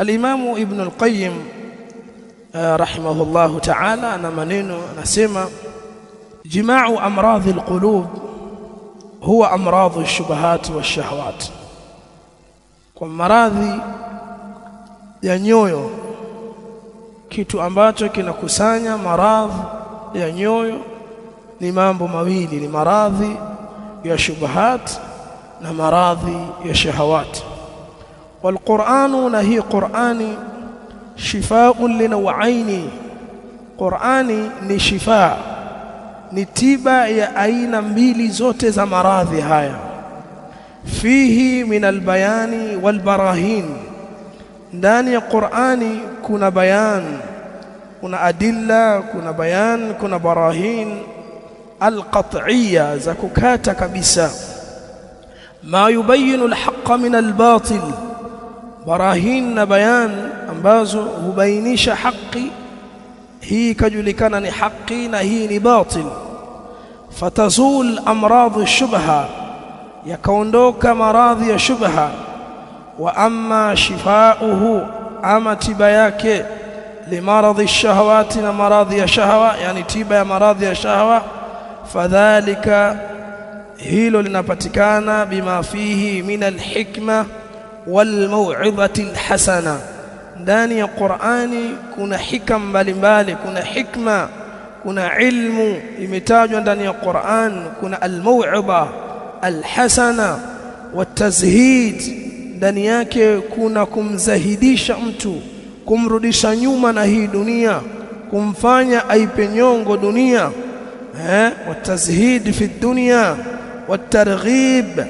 الإمام ابن القيم آه، رحمه الله تعالى أنا منينو أنا سيما جماع أمراض القلوب هو أمراض الشبهات والشهوات ومراض يا نيويو kitu ambacho kinakusanya maradhi مراض nyoyo ni mambo mawili ni maradhi ya shubahat na maradhi ya والقرآن نهي قرآن شفاء لنوعين قرآن نشفاء نتيبا يا أين ميلي زوت زمراضي هايا فيه من البيان والبراهين داني قرآن كنا بيان كنا أدلة كنا بيان كنا براهين القطعية زكوكاتا كبسا ما يبين الحق من الباطل Barahin na bayani ambazo hubainisha haki, hii ikajulikana ni haki na hii ni batil. Fatazul amradhu shubha, yakaondoka maradhi ya shubha. Wa amma shifauhu, ama tiba yake, limaradhi shahawati, na maradhi ya shahawa, yani tiba ya maradhi ya shahawa. Fadhalika, hilo linapatikana bima fihi min alhikma walmauidhati alhasana ndani ya Qur'ani kuna hikam mbalimbali kuna hikma kuna ilmu imetajwa ndani ya Qur'an kuna almauidha alhasana watazhid ndani yake kuna kumzahidisha mtu kumrudisha nyuma na hii dunia kumfanya aipe nyongo dunia eh watazhid fi dunya watarghib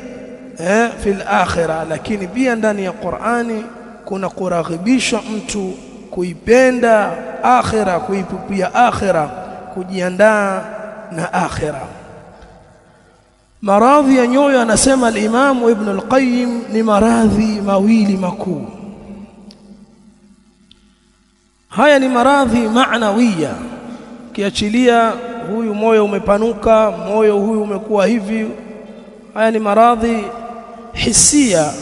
eh, fil akhirah Lakini pia ndani ya Qur'ani kuna kuraghibisha mtu kuipenda akhira, kuipupia akhira, kujiandaa na akhira. Maradhi ya nyoyo, anasema al imam Ibn al-Qayyim, ni maradhi mawili makuu. Haya ni maradhi maanawiya, ukiachilia huyu moyo umepanuka, moyo huyu umekuwa hivi. Haya ni maradhi hisia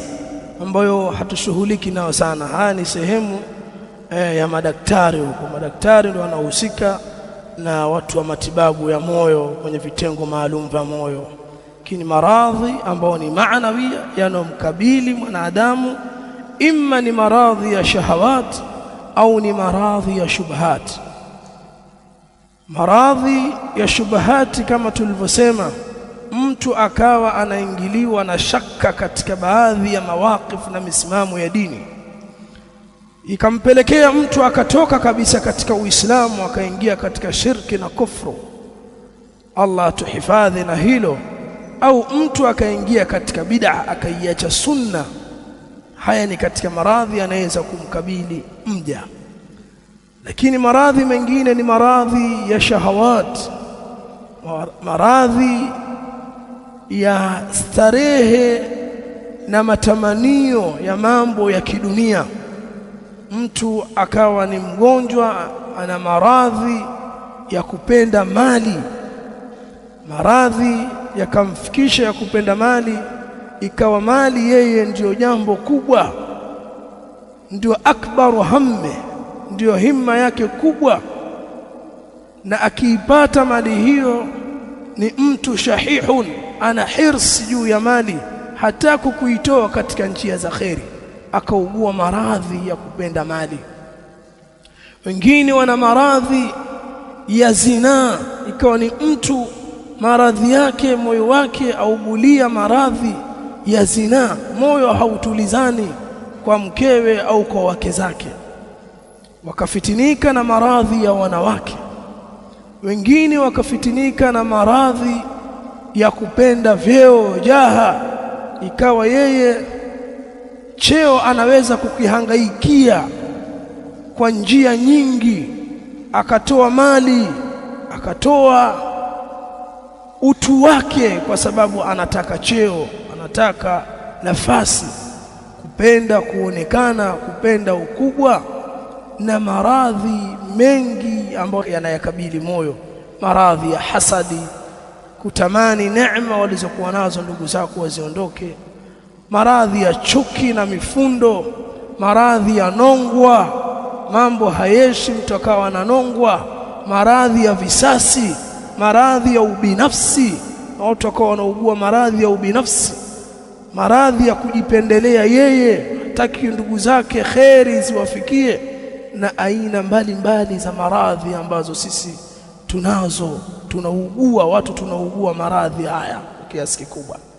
ambayo hatushughuliki nayo sana. Haya ni sehemu eh, ya madaktari huko. Madaktari ndio wanaohusika na watu wa matibabu ya moyo kwenye vitengo maalum vya moyo, lakini maradhi ambayo ni maanawia yanayomkabili mwanadamu, imma ni maradhi ya shahawat au ni maradhi ya shubhat. Maradhi ya shubahati kama tulivyosema mtu akawa anaingiliwa na shaka katika baadhi ya mawakifu na misimamo ya dini, ikampelekea mtu akatoka kabisa katika Uislamu akaingia katika shirki na kufru. Allah tuhifadhi na hilo. Au mtu akaingia katika bid'a akaiacha sunna. Haya ni katika maradhi yanaweza kumkabili mja, lakini maradhi mengine ni maradhi ya shahawat, maradhi ya starehe na matamanio ya mambo ya kidunia, mtu akawa ni mgonjwa, ana maradhi ya kupenda mali, maradhi yakamfikisha ya kupenda mali, ikawa mali yeye ndiyo jambo kubwa, ndiyo akbaru hamme, ndiyo himma yake kubwa, na akiipata mali hiyo ni mtu shahihun, ana hirsi juu ya mali, hata kukuitoa katika njia za kheri, akaugua maradhi ya kupenda mali. Wengine wana maradhi ya zinaa, ikawa ni mtu maradhi yake moyo wake augulia maradhi ya zinaa, moyo hautulizani kwa mkewe au kwa wake zake. Wakafitinika na maradhi ya wanawake wengine wakafitinika na maradhi ya kupenda vyeo, jaha, ikawa yeye cheo anaweza kukihangaikia kwa njia nyingi, akatoa mali, akatoa utu wake, kwa sababu anataka cheo, anataka nafasi, kupenda kuonekana, kupenda ukubwa na maradhi mengi ambayo yanayakabili moyo, maradhi ya hasadi, kutamani neema walizokuwa nazo ndugu zako waziondoke, maradhi ya chuki na mifundo, maradhi ya nongwa, mambo hayeshi, mtu akawa nongwa maradhi ya visasi, maradhi ya ubinafsi, na watu wakawa wanaugua maradhi ya ubinafsi, maradhi ya kujipendelea yeye, hataki ndugu zake kheri ziwafikie na aina mbalimbali mbali za maradhi ambazo sisi tunazo tunaugua, watu tunaugua maradhi haya kwa kiasi kikubwa.